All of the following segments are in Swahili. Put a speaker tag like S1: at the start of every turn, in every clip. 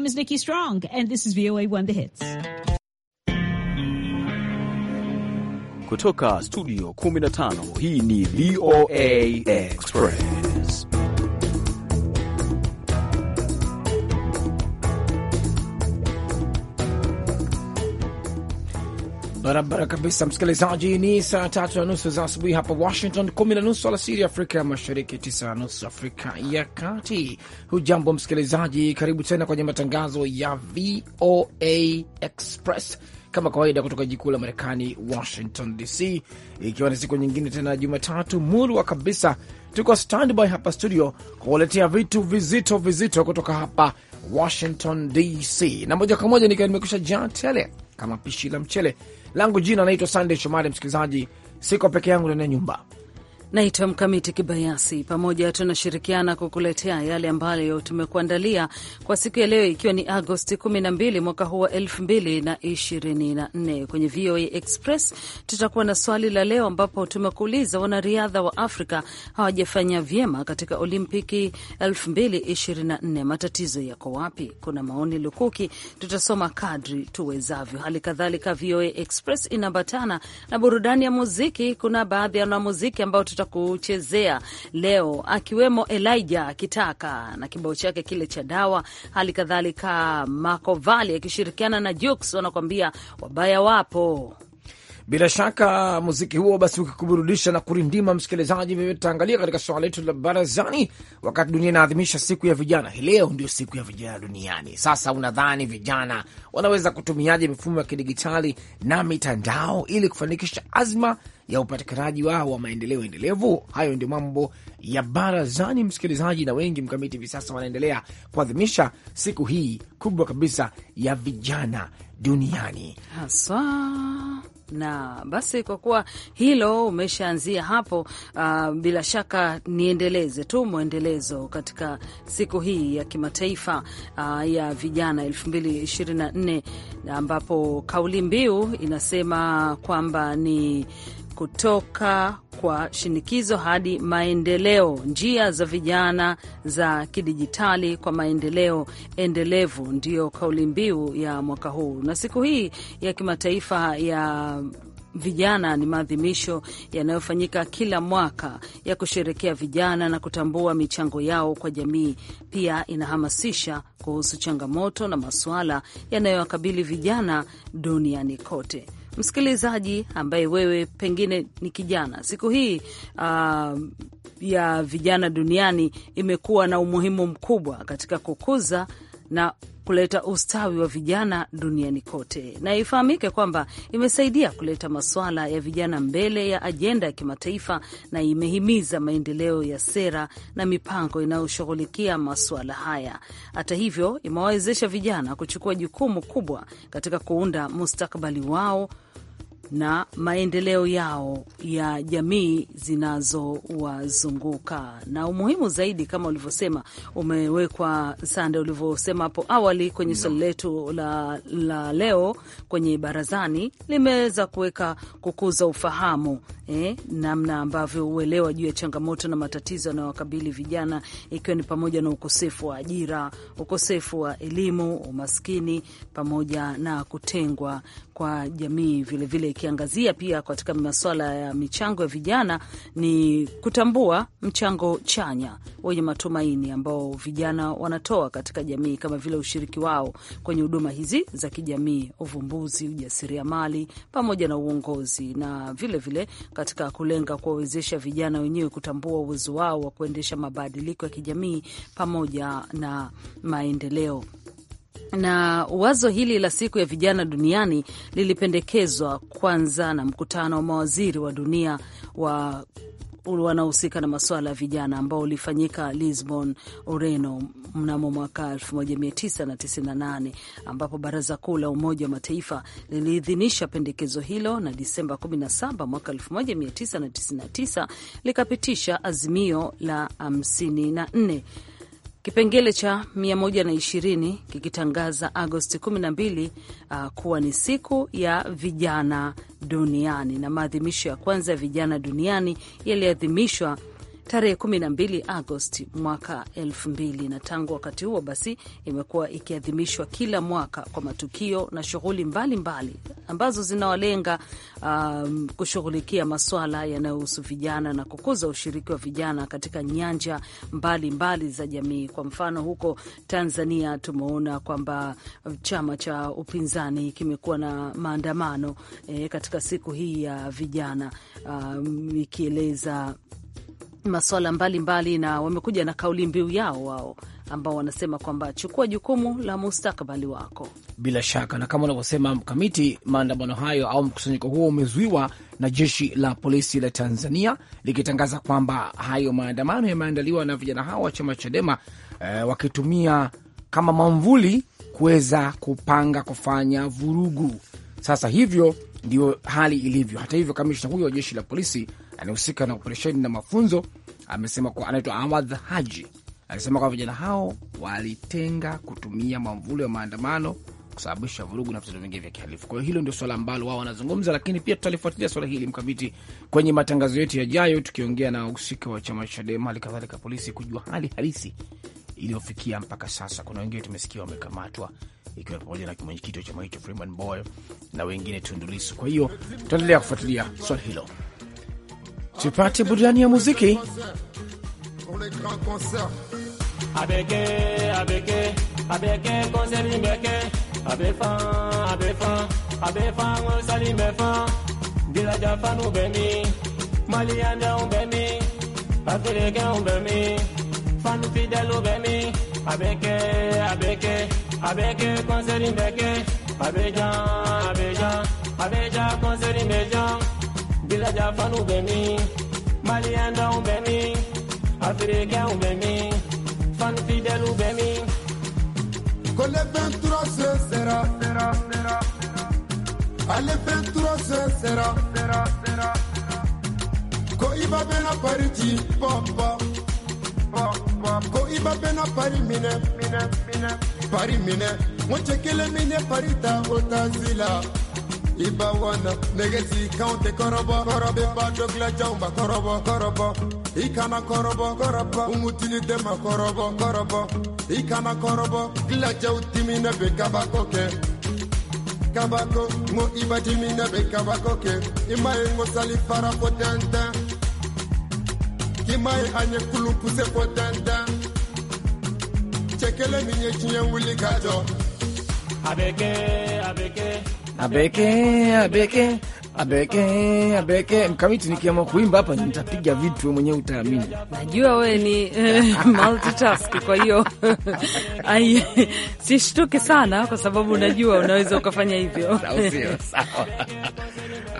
S1: name is Nikki Strong, and this is VOA One The Hits.
S2: Kutoka studio 15 hii ni VOA Express. barabara kabisa, msikilizaji. Ni saa tatu na nusu za asubuhi hapa Washington, kumi na nusu alasiri Afrika ya Mashariki, tisa na nusu Afrika ya Kati. Hujambo msikilizaji, karibu tena kwenye matangazo ya VOA Express kama kawaida, kutoka jiji kuu la Marekani, Washington DC, ikiwa ni siku nyingine tena Jumatatu murwa kabisa. Tuko standby hapa studio kuwaletea vitu vizito vizito kutoka hapa Washington DC, na moja kwa moja nikiwa nimekusha jaa tele kama pishi la mchele langu. Jina naitwa Sandey Shomari. Msikilizaji, siko peke yangu ndani ya nyumba,
S1: Naitwa Mkamiti Kibayasi. Pamoja tunashirikiana kukuletea yale ambayo tumekuandalia kwa siku ya leo, ikiwa ni Agosti 12 mwaka huu wa 2024. Kwenye VOA Express tutakuwa na swali la leo, ambapo tumekuuliza wanariadha wa Afrika hawajafanya vyema katika Olimpiki 2024, matatizo yako wapi? Kuna maoni lukuki, tutasoma kadri tuwezavyo. Hali kadhalika, VOA Express inaambatana na burudani ya muziki. Kuna baadhi ya wanamuziki ambao tutakuchezea leo, akiwemo Elijah Kitaka na kibao chake kile cha dawa, hali kadhalika Makovali akishirikiana na Jux wanakuambia wabaya wapo.
S2: Bila shaka muziki huo basi ukikuburudisha na kurindima, msikilizaji, vivyo tutaangalia katika swala letu la barazani. Wakati dunia inaadhimisha siku ya vijana hii leo, ndio siku ya vijana duniani. Sasa unadhani vijana wanaweza kutumiaje mifumo ya kidigitali na mitandao ili kufanikisha azma ya upatikanaji wao wa maendeleo endelevu. Hayo ndio mambo ya barazani, msikilizaji, na wengi mkamiti hivi sasa wanaendelea kuadhimisha siku hii kubwa kabisa ya vijana duniani
S1: haswa na basi kwa kuwa hilo umeshaanzia hapo, uh, bila shaka niendeleze tu mwendelezo katika siku hii ya kimataifa uh, ya vijana 2024 ambapo kauli mbiu inasema kwamba ni kutoka kwa shinikizo hadi maendeleo, njia za vijana za kidijitali kwa maendeleo endelevu, ndiyo kauli mbiu ya mwaka huu. Na siku hii ya kimataifa ya vijana ni maadhimisho yanayofanyika kila mwaka ya kusherekea vijana na kutambua michango yao kwa jamii. Pia inahamasisha kuhusu changamoto na masuala yanayowakabili vijana duniani kote msikilizaji ambaye wewe pengine ni kijana, siku hii uh, ya vijana duniani imekuwa na umuhimu mkubwa katika kukuza na kuleta ustawi wa vijana duniani kote, na ifahamike kwamba imesaidia kuleta masuala ya vijana mbele ya ajenda ya kimataifa na imehimiza maendeleo ya sera na mipango inayoshughulikia masuala haya. Hata hivyo, imewawezesha vijana kuchukua jukumu kubwa katika kuunda mustakabali wao na maendeleo yao ya jamii zinazowazunguka. Na umuhimu zaidi, kama ulivyosema, umewekwa sande, ulivyosema hapo awali kwenye swali letu la, la leo kwenye barazani, limeweza kuweka kukuza ufahamu eh, namna ambavyo uelewa juu ya changamoto na matatizo yanayowakabili vijana ikiwa ni pamoja na ukosefu wa ajira, ukosefu wa elimu, umaskini pamoja na kutengwa kwa jamii vilevile, ikiangazia pia katika masuala ya michango ya vijana, ni kutambua mchango chanya wenye matumaini ambao vijana wanatoa katika jamii, kama vile ushiriki wao kwenye huduma hizi za kijamii, uvumbuzi, ujasiriamali pamoja na uongozi na vilevile vile katika kulenga kuwawezesha vijana wenyewe kutambua uwezo wao wa kuendesha mabadiliko ya kijamii pamoja na maendeleo na wazo hili la siku ya vijana duniani lilipendekezwa kwanza na mkutano wa mawaziri wa dunia wa wanahusika na masuala ya vijana ambao ulifanyika Lisbon, Ureno mnamo mwaka 1998 ambapo Baraza Kuu la Umoja wa Mataifa liliidhinisha pendekezo hilo na Disemba 17 mwaka 1999 likapitisha azimio la 54 Kipengele cha 120 kikitangaza Agosti 12 uh, kuwa ni siku ya vijana duniani, na maadhimisho ya kwanza ya vijana duniani yaliadhimishwa tarehe 12 Agosti mwaka 2000, na tangu wakati huo basi imekuwa ikiadhimishwa kila mwaka kwa matukio na shughuli mbalimbali ambazo zinawalenga um, kushughulikia maswala yanayohusu vijana na kukuza ushiriki wa vijana katika nyanja mbalimbali mbali za jamii. Kwa mfano huko Tanzania tumeona kwamba chama cha upinzani kimekuwa na maandamano eh, katika siku hii ya vijana um, ikieleza masuala mbalimbali, na wamekuja na kauli mbiu yao wao ambao wanasema kwamba chukua jukumu la mustakabali wako.
S2: Bila shaka, na kama unavyosema Mkamiti, maandamano hayo au mkusanyiko huo umezuiwa na jeshi la polisi la Tanzania likitangaza kwamba hayo maandamano yameandaliwa na vijana hao wa chama Chadema eh, wakitumia kama mamvuli kuweza kupanga kufanya vurugu. Sasa hivyo ndio hali ilivyo. Hata hivyo, kamishna huyo wa jeshi la polisi anayehusika na operesheni na mafunzo amesema kuwa anaitwa Awadh Haji alisema kwamba vijana hao walitenga kutumia mamvuli ya maandamano kusababisha vurugu na vitendo vingine vya kihalifu. Kwa hiyo hilo ndio swala ambalo wao wanazungumza, lakini pia tutalifuatilia swala hili mkamiti kwenye matangazo yetu yajayo, tukiongea na wahusika wa chama cha Chadema, hali kadhalika polisi, kujua hali halisi iliyofikia mpaka sasa. Kuna wengine tumesikia wamekamatwa, ikiwa pamoja na mwenyekiti wa chama hicho Freeman Boy na wengine Tundulisu. Kwa hiyo tutaendelea kufuatilia swala hilo. tupate burudani ya muziki
S3: abeke abeja abeja abeja bila jafanu bɛ min maliyɛndanw bɛ min afirikɛnw bɛ min fanifidɛliw bɛ min. ko le 23 se sera ale 23 se sera ko iba bena pari ci pɔpɔ ko iba bena pari minɛ pari minɛ ŋo cɛ kelen min ye pari ta o taasi la iba wana negesi kaunte korobo korobe ba dogla jaumba korobo korobo ikana korobo korobo umutini dema korobo korobo ikana korobo gla jautimi na be kabako ke kabako mo iba na be kabako ke imaye ngo sali para potenta kimaye anye kulu puse potenta chekele minye chinye wuli kajo abeke abeke
S2: abeke abeke abeke abeke mkamiti, nikiamua kuimba hapa nitapiga vitu, we mwenyewe utaamini.
S1: Najua we ni eh, multitask, kwa hiyo sishtuki sana, kwa sababu unajua unaweza ukafanya hivyo. Sawa,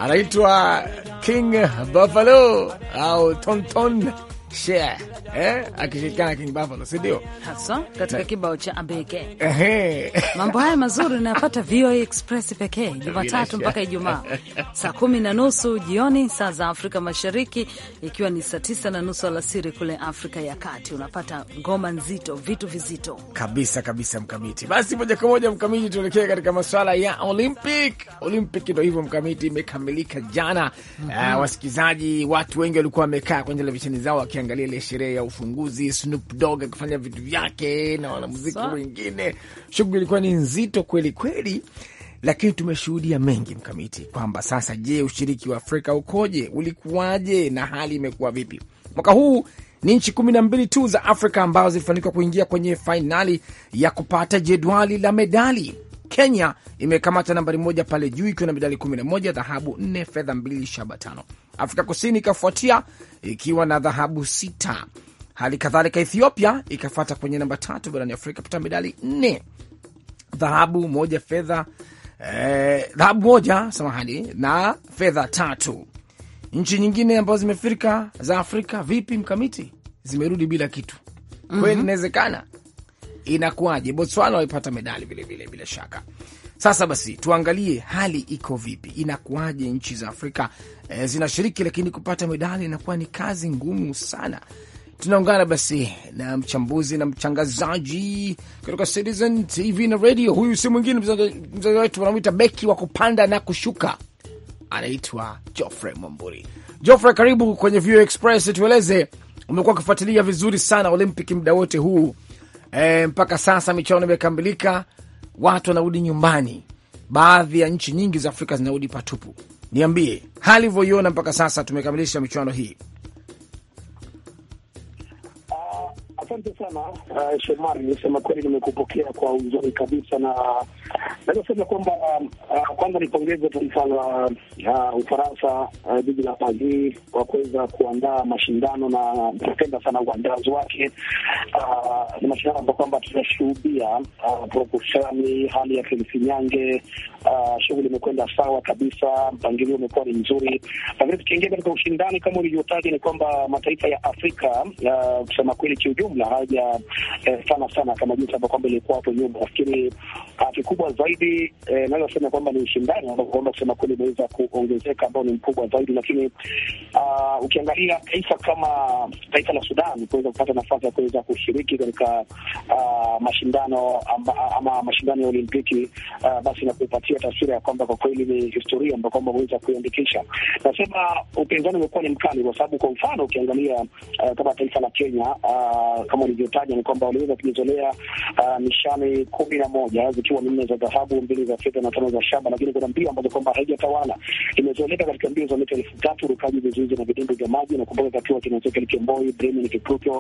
S2: anaitwa King Buffalo au Tonton share
S1: eh, akishirikiana King Bavalo, si ndio? Hasa katika kibao cha Ambeke. Mambo haya mazuri unayapata VOA Express pekee Jumatatu mpaka Ijumaa saa kumi na nusu jioni saa za Afrika Mashariki, ikiwa ni saa tisa na nusu alasiri kule Afrika ya Kati. Unapata ngoma nzito, vitu vizito
S2: kabisa kabisa. Mkamiti, basi moja kwa moja Mkamiti, tuelekee katika masuala ya Olympic. Olympic ndo hivyo Mkamiti, imekamilika jana. mm -hmm. Uh, ah, wasikilizaji, watu wengi walikuwa wamekaa kwenye televisheni zao wakia ukiangalia ile sherehe ya ufunguzi, Snoop Dogg akifanya vitu vyake na wanamuziki wengine, shughuli ilikuwa ni nzito kweli kweli, lakini tumeshuhudia mengi mkamiti kwamba sasa, je, ushiriki wa Afrika ukoje? Ulikuwaje na hali imekuwa vipi mwaka huu? Ni nchi kumi na mbili tu za Afrika ambazo zilifanikiwa kuingia kwenye fainali ya kupata jedwali la medali. Kenya imekamata nambari moja pale juu ikiwa na medali kumi na moja dhahabu nne fedha mbili shaba tano. Afrika Kusini ikafuatia ikiwa na dhahabu sita. Hali kadhalika Ethiopia ikafata kwenye namba tatu barani Afrika pata medali nne, dhahabu moja, fedha eh, dhahabu moja samahani, na fedha tatu. Nchi nyingine ambazo zimefirika za Afrika vipi mkamiti, zimerudi bila kitu kweli? mm -hmm. Inawezekana, inakuwaje? Botswana walipata medali vilevile bila shaka sasa basi tuangalie hali iko vipi, inakuwaje? Nchi za Afrika e, zinashiriki lakini kupata medali inakuwa ni kazi ngumu sana. Tunaungana basi na mchambuzi na mchangazaji kutoka Citizen TV na radio. Huyu si mwingine mzazi wetu, wanamwita beki wa kupanda na kushuka, anaitwa Jofre Mwamburi. Jofre, karibu kwenye View Express. Tueleze, umekuwa ukifuatilia vizuri sana Olympic muda wote huu e, mpaka sasa michuano imekamilika watu wanarudi nyumbani, baadhi ya nchi nyingi za Afrika zinarudi patupu. Niambie hali ivyoiona mpaka sasa. Tumekamilisha michuano hii.
S4: Asante sana uh, Shomari, nisema kweli nimekupokea kwa uzuri kabisa, na naweza kwamba uh, kwanza nipongeze taifa la uh, Ufaransa, jiji uh, la Paris kwa kuweza kuandaa mashindano, na napenda sana uandazi wake. Ni mashindano ambao kwamba tunashuhudia uh, prokushani, hali ya tensinyange uh, shughuli imekwenda sawa kabisa, mpangilio umekuwa ni mzuri. Lakini tukiingia katika ushindani kama ulivyotaja, ni kwamba mataifa ya Afrika uh, kusema kweli kiujumla na haja eh, sana sana kama jinsi ambavyo kwamba ilikuwa hapo nyuma. Nafikiri ah, kikubwa zaidi eh, naweza sema kwamba ni ushindani ambao kwamba kusema kweli imeweza kuongezeka ambao ni mkubwa zaidi, lakini uh, ukiangalia taifa kama taifa la Sudan kuweza kupata nafasi ya kuweza kushiriki katika uh, mashindano amba, ama mashindano ya Olimpiki uh, basi na kupatia taswira ya kwamba kwa kweli ni historia ambao kwamba umeweza kuiandikisha. Nasema upinzani umekuwa ni mkali, kwa sababu kwa mfano ukiangalia uh, kama taifa la Kenya uh, kama ulivyotaja ni kwamba waliweza kujizolea uh, nishani kumi na moja zikiwa nne za dhahabu, mbili za fedha na tano za shaba, lakini kuna mbio ambazo kwamba haijatawala. Imezoleka katika mbio za mita elfu tatu rukaji, vizuizi na vidimbi vya maji. Nakumbuka katua Kinaseka Kemboi, Bremen Kipruto,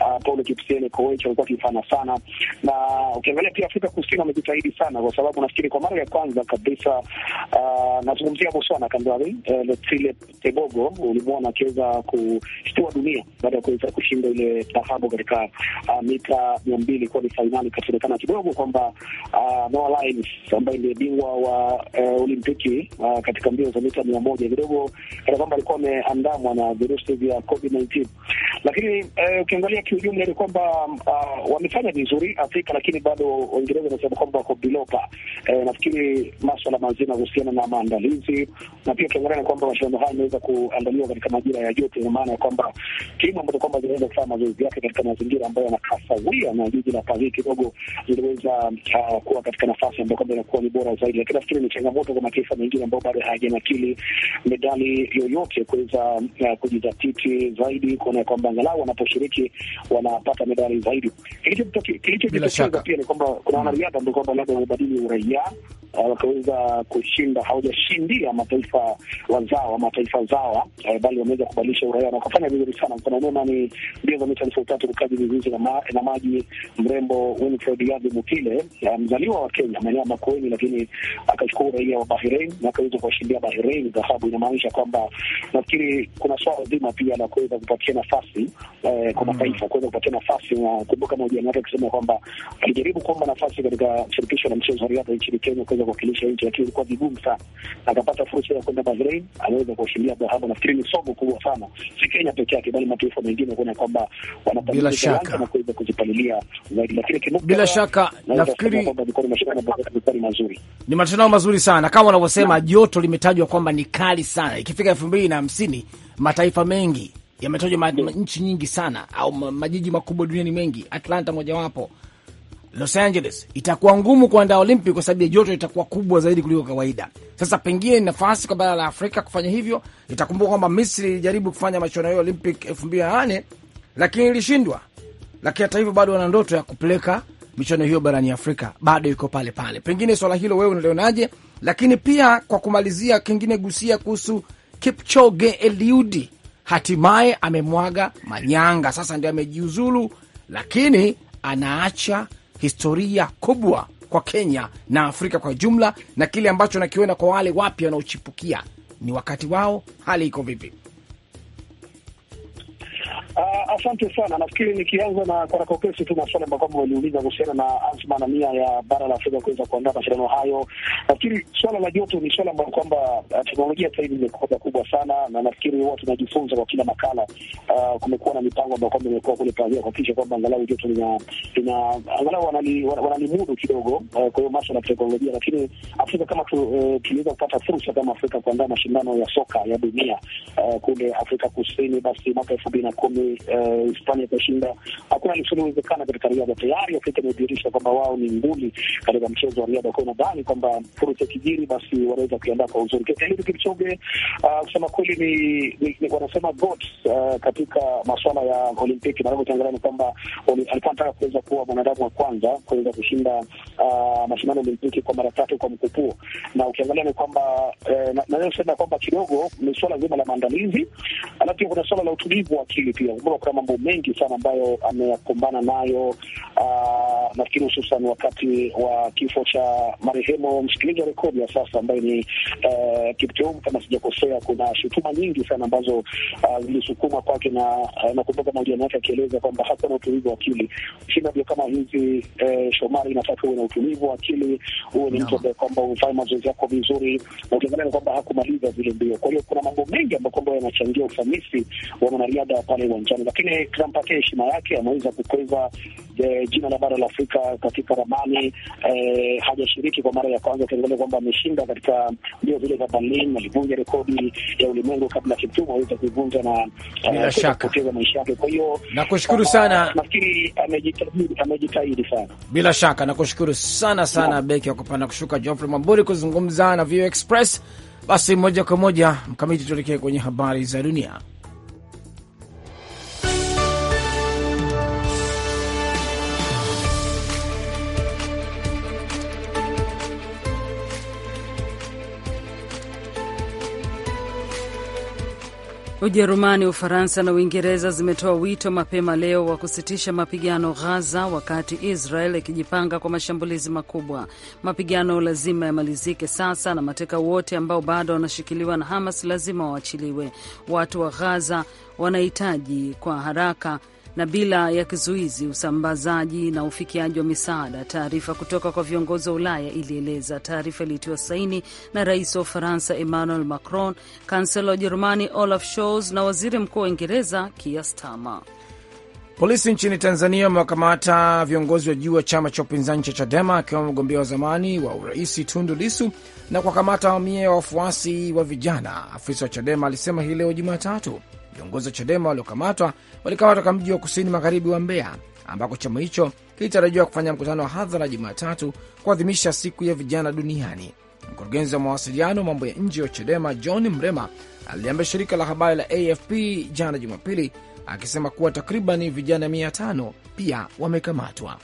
S4: uh, Paul Kipsele Koech walikuwa wakifana sana, na ukiangalia pia Afrika Kusini wamejitahidi sana, kwa sababu nafikiri kwa mara ya kwanza kabisa uh, nazungumzia Botswana Kandari uh, eh, Letsile Tebogo ulimuona akiweza kushtua dunia baada ya kuweza kushinda ile dhahabu katika katika uh, mita mia mbili kuwa ni fainali, ikasemekana kidogo kwamba uh, Noah Lyles ambaye ndiye bingwa wa uh, Olimpiki uh, katika mbio za mita mia moja kidogo kana kwamba alikuwa ameandamwa na virusi vya Covid 19, lakini uh, ukiangalia kiujumla ni kwamba uh, wamefanya vizuri Afrika, lakini bado Waingereza wanasema kwamba wako bilopa. Uh, nafikiri maswala mazima kuhusiana na maandalizi na pia ukiangalia ni kwamba mashindano haya yameweza kuandaliwa katika majira ya joto, ina maana ya kwamba timu ambazo kwamba zinaweza kufanya mazoezi yake katika mazingira ambayo yanakaa sawia na jiji la Paris kidogo liliweza uh, ah, kuwa katika nafasi ambayo kwamba inakuwa ni bora zaidi, lakini nafikiri ni changamoto kwa mataifa mengine ambayo bado hayajanakili medali yoyote kuweza uh, kujizatiti zaidi kuona ya kwamba angalau wanaposhiriki wanapata medali zaidi. Kilichojitokeza pia ni kwamba kuna mm. wanariadha ambao kwamba labda wamebadili uraia ah, wakaweza kushinda, hawajashindia mataifa wazawa mataifa zawa, bali wameweza kubadilisha uraia na wakafanya vizuri sana. Mfano mwema ni mbio za mita elfu tatu mchungaji mizizi na ma, maji, mrembo Winfred Yadhi Mukile mzaliwa wa Kenya, maeneo ya Makueni, lakini akachukua uraia wa Bahrain na akaweza kuwashindia Bahrain dhahabu. Inamaanisha kwamba nafikiri kuna swala zima pia la kuweza kupatia nafasi eh, kwa mataifa mm. kuweza kupatia nafasi, na kumbuka mahojiano yake akisema kwamba alijaribu kuomba nafasi katika shirikisho la mchezo wa riadha nchini Kenya kuweza kuwakilisha nchi, lakini ilikuwa vigumu sana. Akapata fursa ya kwenda Bahrain, ameweza kuwashindia dhahabu. Nafikiri ni somo kubwa sana, si Kenya peke yake, bali mataifa mengine kuona kwamba wanapata shaka bila shaka, nafikiri
S2: ni matendo mazuri sana kama wanavyosema. Joto limetajwa kwamba ni kali sana, ikifika elfu mbili na hamsini mataifa mengi yametajwa ma, nchi nyingi sana au majiji makubwa duniani mengi, Atlanta mojawapo, Los Angeles. Itakuwa ngumu kuandaa Olympic kwa sababu ya joto itakuwa kubwa zaidi kuliko kawaida. Sasa pengine ni nafasi kwa bara la Afrika kufanya hivyo. Itakumbuka kwamba Misri ilijaribu kufanya mashindano ya Olympic elfu mbili na nane lakini ilishindwa. Lakini hata hivyo bado wana ndoto ya kupeleka michuano hiyo barani Afrika, bado iko pale pale. Pengine swala hilo wewe unalionaje? Lakini pia kwa kumalizia, kingine gusia kuhusu Kipchoge Eliud, hatimaye amemwaga manyanga, sasa ndio amejiuzulu, lakini anaacha historia kubwa kwa Kenya na Afrika kwa jumla, na kile ambacho nakiona kwa wale wapya wanaochipukia, ni wakati wao. Hali iko vipi?
S4: Ah, Asante sana. Nafikiri nikianza na karakokesi tu maswali ambayo kwamba waliuliza kuhusiana na azma na nia ya bara la Afrika kuweza kuandaa mashindano hayo, nafikiri swala la joto ni swala ambayo kwamba uh, teknolojia sasa hivi imekuwa kubwa sana, na nafikiri huwa tunajifunza kwa kila makala. Uh, kumekuwa na mipango ambayo kwamba imekuwa kule pazia kuhakikisha kwamba angalau joto lina lina angalau wanali wanalimudu kidogo, uh, kwa hiyo maswala ya teknolojia. Lakini Afrika kama tu, uh, tuliweza kupata fursa kama Afrika kuandaa mashindano ya soka ya dunia uh, kule Afrika Kusini, basi mwaka elfu mbili na kumi uh, Hispania ikashinda, hakuna lisilowezekana katika riadha. Tayari Afrika imedhihirisha kwamba wao ni nguli katika mchezo wa riadha. Kwao nadhani kwamba fursa kijiri, basi wanaweza kuiandaa kwa uzuri. Eliud Kipchoge uh, kusema kweli ni, ni wanasema goat uh, katika masuala ya Olimpiki na naotangaza ni kwamba alikuwa anataka kuweza kuwa mwanadamu wa kwanza kuweza kushinda uh, mashindano Olimpiki kwa mara tatu kwa mkupuo, na ukiangalia ni kwamba eh, naweza kusema kwamba kidogo ni swala zima la maandalizi, alafu kuna swala la utulivu wa akili pia. Kumbuka mambo mengi sana ambayo ameyakumbana nayo, uh, nafikiri hususan wakati wa kifo cha marehemu. Msikilizi wa rekodi ya sasa ambaye ni uh, eh, Kiptum, kama sijakosea, kuna shutuma nyingi sana ambazo ah, zilisukuma uh, kwake, na uh, eh, nakumbuka mahojiano yake akieleza kwamba hakuwa na utulivu wa akili. Shindio kama hizi, eh, Shomari, inataka uwe na utulivu wa akili, huwe ni mtu ambaye kwamba umefanya mazoezi yako vizuri, na ukiangalia kwamba hakumaliza zile mbio. Kwa hiyo kuna mambo mengi ambayo kwamba yanachangia ufanisi wa mwanariadha pale uwanjani, lakini lakini Trump Krampake heshima yake ameweza kukweza eh, jina la bara la Afrika katika ramani eh. Hajashiriki kwa mara ya kwanza, ukiangalia kwamba ameshinda katika mbio zile za Berlin, alivunja rekodi ya ulimwengu kabla Kiptum aweze kuivunja na eh, kupoteza maisha yake. Kwa hiyo nakushukuru ah, sana, nafikiri amejitahidi, amejitahidi sana.
S2: Bila shaka nakushukuru sana sana, yeah. beki wa kupanda kushuka Geoffrey Mwamburi kuzungumza na Vio Express. Basi moja kwa moja mkamiti, tuelekee kwenye habari za dunia.
S1: Ujerumani, Ufaransa na Uingereza zimetoa wito mapema leo wa kusitisha mapigano Ghaza, wakati Israel ikijipanga kwa mashambulizi makubwa. Mapigano lazima yamalizike sasa na mateka wote ambao bado wanashikiliwa na Hamas lazima waachiliwe. Watu wa Ghaza wanahitaji kwa haraka na bila ya kizuizi usambazaji na ufikiaji wa misaada, taarifa kutoka kwa viongozi wa Ulaya ilieleza. Taarifa ilitiwa saini na rais wa Ufaransa Emmanuel Macron, kansela wa Ujerumani Olaf Scholz na waziri mkuu wa Uingereza Keir Starmer.
S2: Polisi nchini Tanzania wamewakamata viongozi wa juu wa chama cha upinzani cha Chadema akiwemo mgombea wa zamani wa urais Tundu Lisu na kuwakamata mamia ya wafuasi wa vijana, afisa wa Chadema alisema hii leo Jumatatu. Viongozi wa CHADEMA waliokamatwa walikamatwa katika mji wa kusini magharibi wa Mbeya, ambako chama hicho kilitarajiwa kufanya mkutano wa hadhara Jumatatu kuadhimisha siku ya vijana duniani. Mkurugenzi wa mawasiliano mambo ya nje wa CHADEMA John Mrema aliliambia shirika la habari la AFP jana Jumapili akisema kuwa takriban vijana mia tano pia wamekamatwa.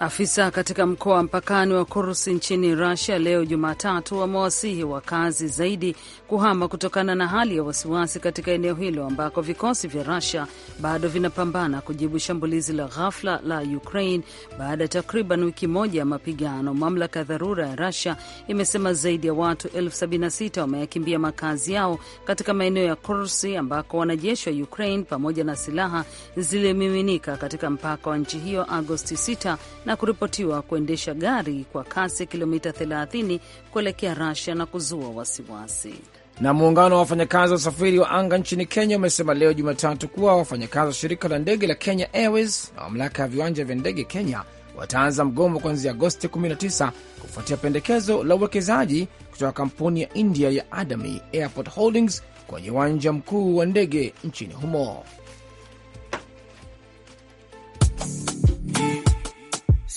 S1: Afisa katika mkoa wa mpakani wa kursi nchini Rusia leo Jumatatu wamewasihi wakazi zaidi kuhama kutokana na hali ya wasiwasi katika eneo hilo ambako vikosi vya Rusia bado vinapambana kujibu shambulizi la ghafla la Ukraine baada ya takriban wiki moja ya mapigano. Mamlaka ya dharura ya Rusia imesema zaidi ya watu elfu 76 wameyakimbia makazi yao katika maeneo ya kursi ambako wanajeshi wa Ukraine pamoja na silaha zilimiminika katika mpaka wa nchi hiyo Agosti 6 na kuripotiwa kuendesha gari kwa kasi ya kilomita 30 kuelekea rasia na kuzua wasiwasi wasi.
S2: Na muungano wa wafanyakazi wa usafiri wa anga nchini Kenya umesema leo Jumatatu kuwa wafanyakazi wa shirika la ndege la Kenya Airways na mamlaka ya viwanja vya ndege Kenya wataanza mgomo kuanzia Agosti 19 kufuatia pendekezo la uwekezaji kutoka kampuni ya India ya Adami Airport Holdings kwenye uwanja mkuu wa ndege nchini humo.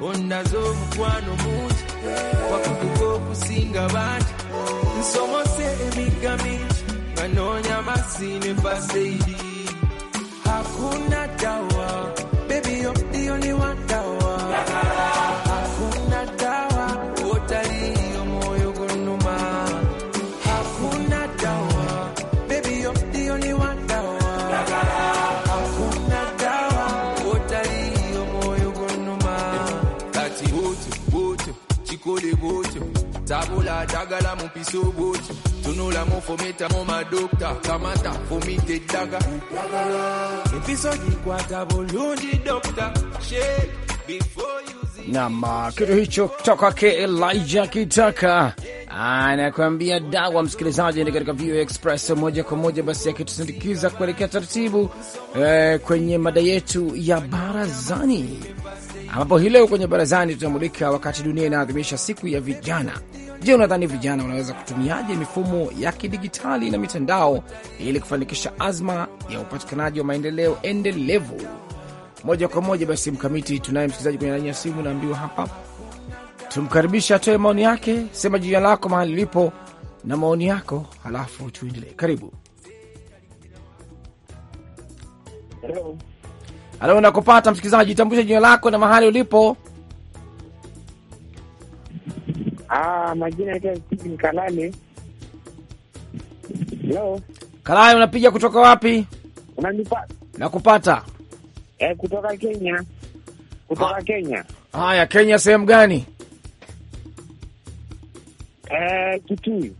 S3: ondazo omukwano mungi wakuguga okusinga bangi nsomose emigga mingi banoonya masine baseidi hakuna dawa bebi yo ndiyo ni wanu dagala daga la mon pisobot Tuno la mon mon madokta Kamata fomite daga Mpiso jikwata bolundi dokta before you
S2: Nam ah, kitu hicho kutoka kwake Elija Kitaka anakuambia dawa. Msikilizaji ni katika VOA Express moja kwa moja, basi akitusindikiza kuelekea taratibu eh, kwenye mada yetu ya barazani, ambapo hii leo kwenye barazani tutamulika wakati dunia inaadhimisha siku ya vijana Je, unadhani vijana wanaweza kutumiaje mifumo ya kidigitali na mitandao ili kufanikisha azma ya upatikanaji wa maendeleo endelevu? Moja kwa moja basi, Mkamiti, tunaye msikilizaji kwenye laini ya simu, naambiwa hapa tumkaribisha atoe maoni yake. Sema jina lako, mahali ulipo na maoni yako, halafu tuendelee. Karibu. Halo, nakupata msikilizaji, tambusha jina lako na mahali ulipo.
S4: Ah, majina Steven Kalale.
S2: Hello. Kalale, unapiga kutoka wapi? Unanipata? Nakupata.
S4: Eh, kutoka Kenya. Kutoka ha. Ah. Kenya.
S2: Haya, Kenya sehemu gani? Eh, Kitui.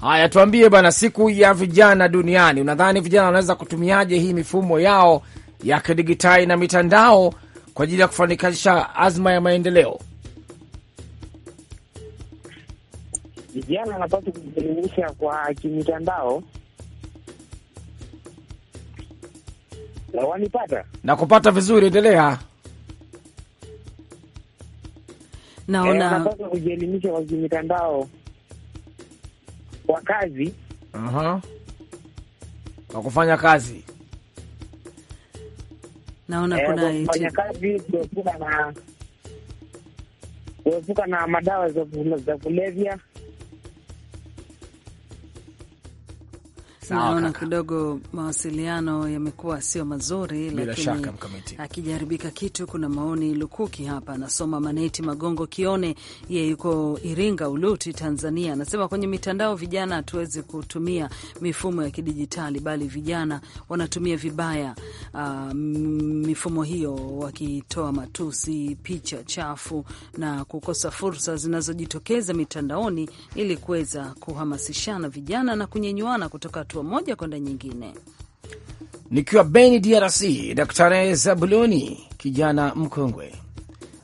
S2: Haya, tuambie bana siku ya vijana duniani, unadhani vijana wanaweza kutumiaje hii mifumo yao ya kidigitali na mitandao kwa ajili ya kufanikisha azma ya maendeleo?
S4: vijana wanapaswa kujielimisha kwa kimitandao. Na wanipata
S2: na kupata vizuri, endelea.
S4: Naona eh, wanapaswa kujielimisha kwa kimitandao
S2: kwa kazi, aha, kwa kufanya kazi.
S4: Naona eh, kuna kufanya kazi, kuepuka na kuepuka na madawa za kulevya
S1: naona kidogo mawasiliano yamekuwa sio mazuri, lakini akijaribika kitu. Kuna maoni lukuki hapa, anasoma Maneti Magongo Kione, ye yuko Iringa Uluti, Tanzania, anasema kwenye mitandao vijana hatuwezi kutumia mifumo ya kidijitali, bali vijana wanatumia vibaya uh, mifumo hiyo, wakitoa matusi, picha chafu na kukosa fursa zinazojitokeza mitandaoni ili kuweza kuhamasishana vijana na kunyenyuana kutoka hatua moja kwenda nyingine.
S2: Nikiwa Beni, DRC, Daktari Zabuloni kijana mkongwe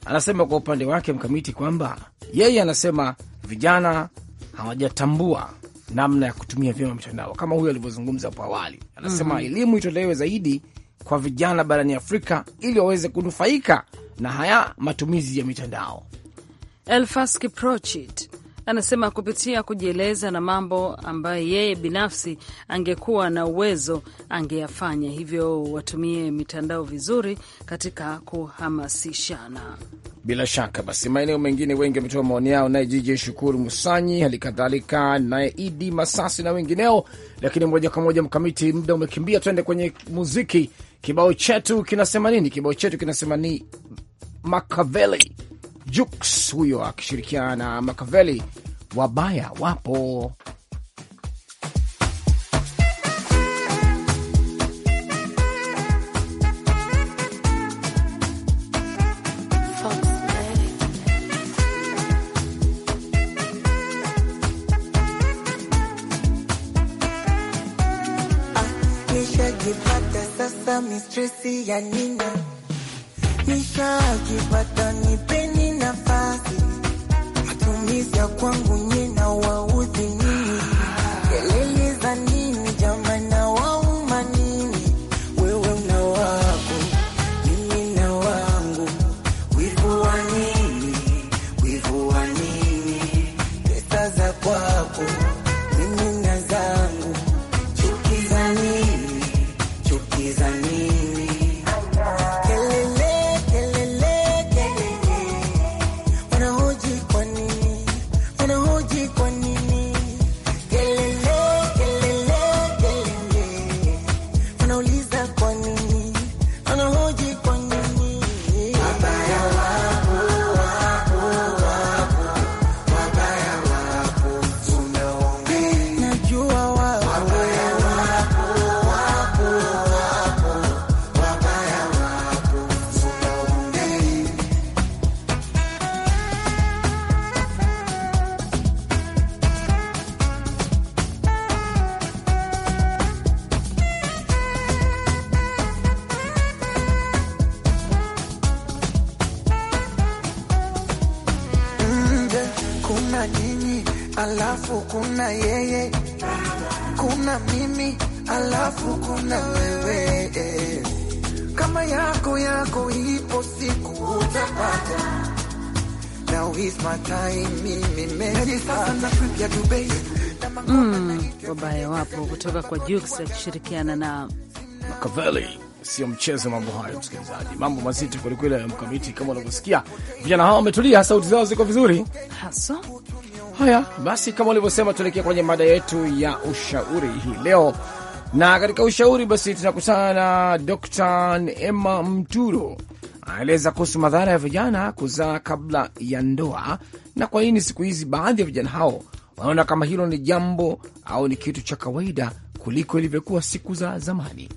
S2: anasema kwa upande wake mkamiti kwamba yeye anasema vijana hawajatambua namna ya kutumia vyema mitandao kama huyo alivyozungumza hapo awali. Anasema mm -hmm. elimu itolewe zaidi kwa vijana barani Afrika ili waweze kunufaika na haya matumizi ya mitandao.
S1: Elfas Kiprochit Anasema kupitia kujieleza na mambo ambayo yeye binafsi angekuwa na uwezo angeyafanya, hivyo watumie mitandao vizuri katika kuhamasishana.
S2: Bila shaka basi, maeneo mengine wengi wametoa maoni yao, naye Jiji Shukuru Musanyi, hali kadhalika naye Idi Masasi na wengineo. Lakini moja kwa moja, Mkamiti, muda umekimbia, tuende kwenye muziki. Kibao chetu kinasema nini? Kibao chetu kinasema ni Makaveli. Juks huyo akishirikiana na Makaveli. Wabaya wapo.
S3: ya nina akipata nipe ya kwangu alafu kuna yeye, kuna mimi, alafu kuna wewe. Kama yako yako ipo siku utapata.
S1: Now is my time, mimi mm, wabaya wapo kutoka kwa Jux akishirikiana na
S3: Makaveli.
S2: Sio mchezo mambo hayo, msikilizaji, mambo mazito kwelikweli ya mkamiti. Kama unavyosikia vijana hao wametulia, sauti zao ziko vizuri
S1: haswa. Haya
S2: basi, kama ulivyosema, tuelekea kwenye mada yetu ya ushauri hii leo, na katika ushauri basi tunakutana na dkt Emma Mturo anaeleza kuhusu madhara ya vijana kuzaa kabla ya ndoa na kwa nini siku hizi baadhi ya vijana hao wanaona kama hilo ni jambo au ni kitu cha kawaida kuliko ilivyokuwa siku za zamani.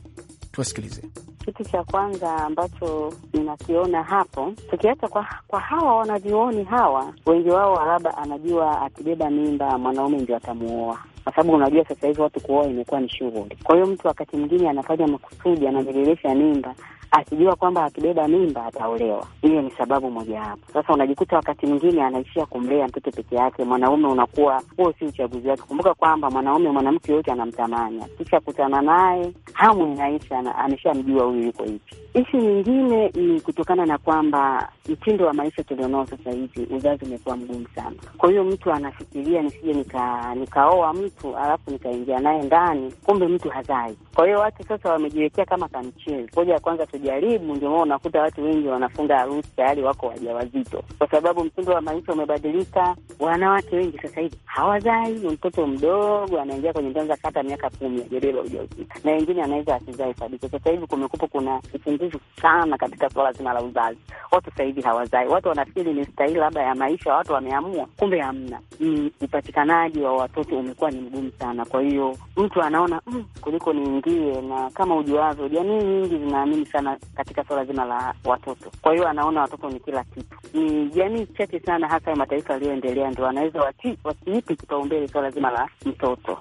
S2: Tuwasikilize
S5: kitu cha kwanza ambacho ninakiona hapo, tukiacha kwa, kwa hawa wanavyuoni hawa, wengi wao labda anajua akibeba mimba mwanaume ndio atamuoa kwa sababu unajua sasa hivi watu kuoa imekuwa ni shughuli. Kwa hiyo mtu wakati mwingine anafanya makusudi, anajelelesha mimba akijua kwamba akibeba mimba ataolewa. Hiyo ni sababu moja hapo. Sasa unajikuta wakati mwingine anaishia kumlea mtoto peke yake, mwanaume unakuwa huo si uchaguzi wake. Kumbuka kwamba mwanaume, mwanamke yote anamtamani, kisha kutana naye hamu inaisha, ameshamjua huyu yuko hivi. ishi nyingine ni kutokana na kwamba mtindo wa maisha tulionao sasa hivi, uzazi umekuwa mgumu sana. Kwa hiyo mtu anafikiria nisije nika nikaoa mtu alafu nikaingia naye ndani, kumbe mtu hazai. Kwa hiyo watu sasa wamejiwekea kama kamchezi. Ngoja kwanza tujaribu, ndio maana unakuta watu wengi wanafunga harusi tayari wako wajawazito, kwa sababu mtindo wa maisha umebadilika. Wanawake wengi sasa hivi hawazai, mtoto mdogo anaingia kwenye ndoa kata miaka kumi ajabeba ujauzito, na wengine anaweza asizai kabisa. Sasa hivi kumekupo kuna upungufu sana katika swala zima la uzazi. Watu sasa hivi hawazai, watu wanafikiri ni stahili labda ya maisha, watu wameamua, kumbe hamna. Mm, upatikanaji wa watoto umekuwa ni mgumu sana, kwa hiyo mtu anaona mm, kuliko ni ndiye. na kama ujuavyo, jamii nyingi zinaamini sana katika swala zima la watoto. Kwa hiyo anaona watoto ni kila kitu. Ni jamii chache sana, hasa ya mataifa yaliyoendelea, ndio anaweza wasiipi kipaumbele swala zima la mtoto.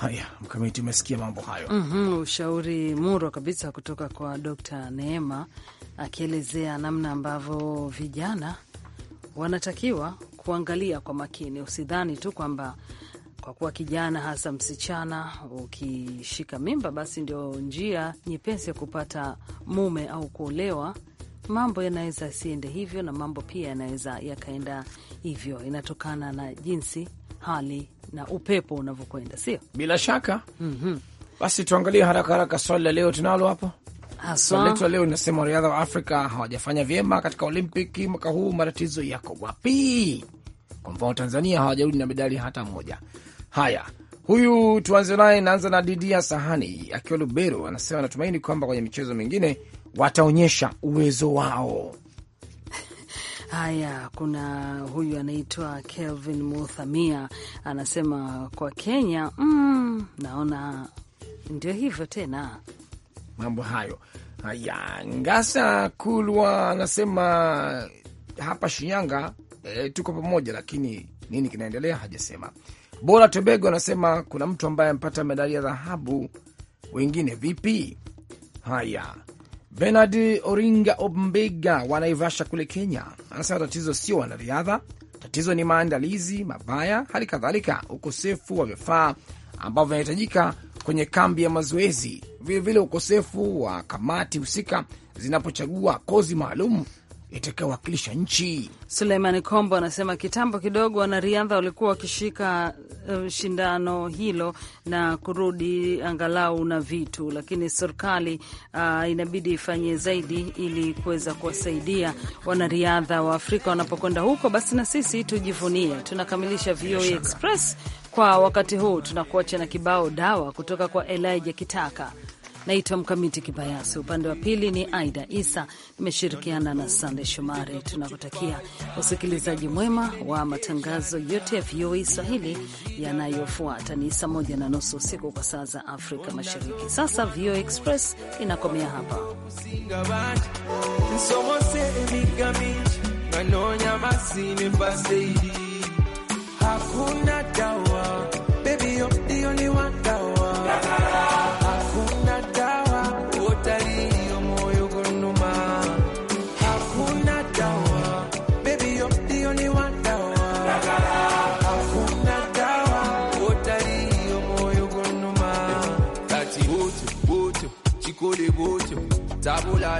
S2: Haya, Mkamiti, umesikia mambo hayo.
S1: mm -hmm, ushauri murwa kabisa kutoka kwa d Neema akielezea namna ambavyo vijana wanatakiwa kuangalia kwa makini. Usidhani tu kwamba kwa kuwa kijana, hasa msichana, ukishika mimba, basi ndio njia nyepesi ya kupata mume au kuolewa. Mambo yanaweza yasiende hivyo, na mambo pia yanaweza yakaenda hivyo, inatokana na jinsi hali na upepo unavyokwenda, sio
S2: bila shaka. mm -hmm. Basi tuangalie haraka haraka swali la leo tunalo hapo swali letu la leo linasema wanariadha wa Afrika hawajafanya vyema katika Olimpiki mwaka huu, matatizo yako wapi? Kwa mfano Tanzania hawajarudi na medali hata moja. Haya, huyu tuanze naye, naanza na Didia Sahani akiwa Lubero, anasema anatumaini kwamba kwenye michezo mingine wataonyesha uwezo wao.
S1: Haya, kuna huyu anaitwa Kelvin Muthamia anasema kwa Kenya, mm, naona ndio hivyo tena
S2: mambo hayo. Haya, Ngasa Kulwa anasema hapa Shinyanga, e, tuko pamoja, lakini nini kinaendelea hajasema. Bora Tobego anasema kuna mtu ambaye amepata medali ya dhahabu, wengine vipi? Haya, Benard Oringa Ombega wa Naivasha kule Kenya anasema tatizo sio wanariadha, tatizo ni maandalizi mabaya, hali kadhalika ukosefu wa vifaa ambavyo vinahitajika kwenye kambi ya mazoezi, vilevile ukosefu wa kamati husika zinapochagua kozi maalum itakayowakilisha nchi.
S1: Suleimani Kombo anasema kitambo kidogo wanariadha walikuwa wakishika uh, shindano hilo na kurudi angalau na vitu, lakini serikali uh, inabidi ifanye zaidi ili kuweza kuwasaidia wanariadha wa Afrika wanapokwenda huko. Basi na sisi tujivunie. Tunakamilisha VOA e Express kwa wakati huu, tunakuacha na kibao dawa kutoka kwa Elijah Kitaka. Naitwa Mkamiti Kibayasi, upande wa pili ni Aida Isa, nimeshirikiana na Sande Shomari. Tunakutakia usikilizaji mwema wa matangazo yote ya VOA Swahili yanayofuata. Ni saa moja na nusu usiku kwa saa za Afrika Mashariki. Sasa VOA Express inakomea hapa.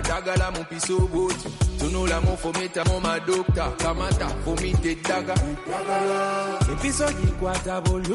S3: daga la mon piso boti Tono la mon fometa mon madokta Kamata fomite daga Daga la E piso di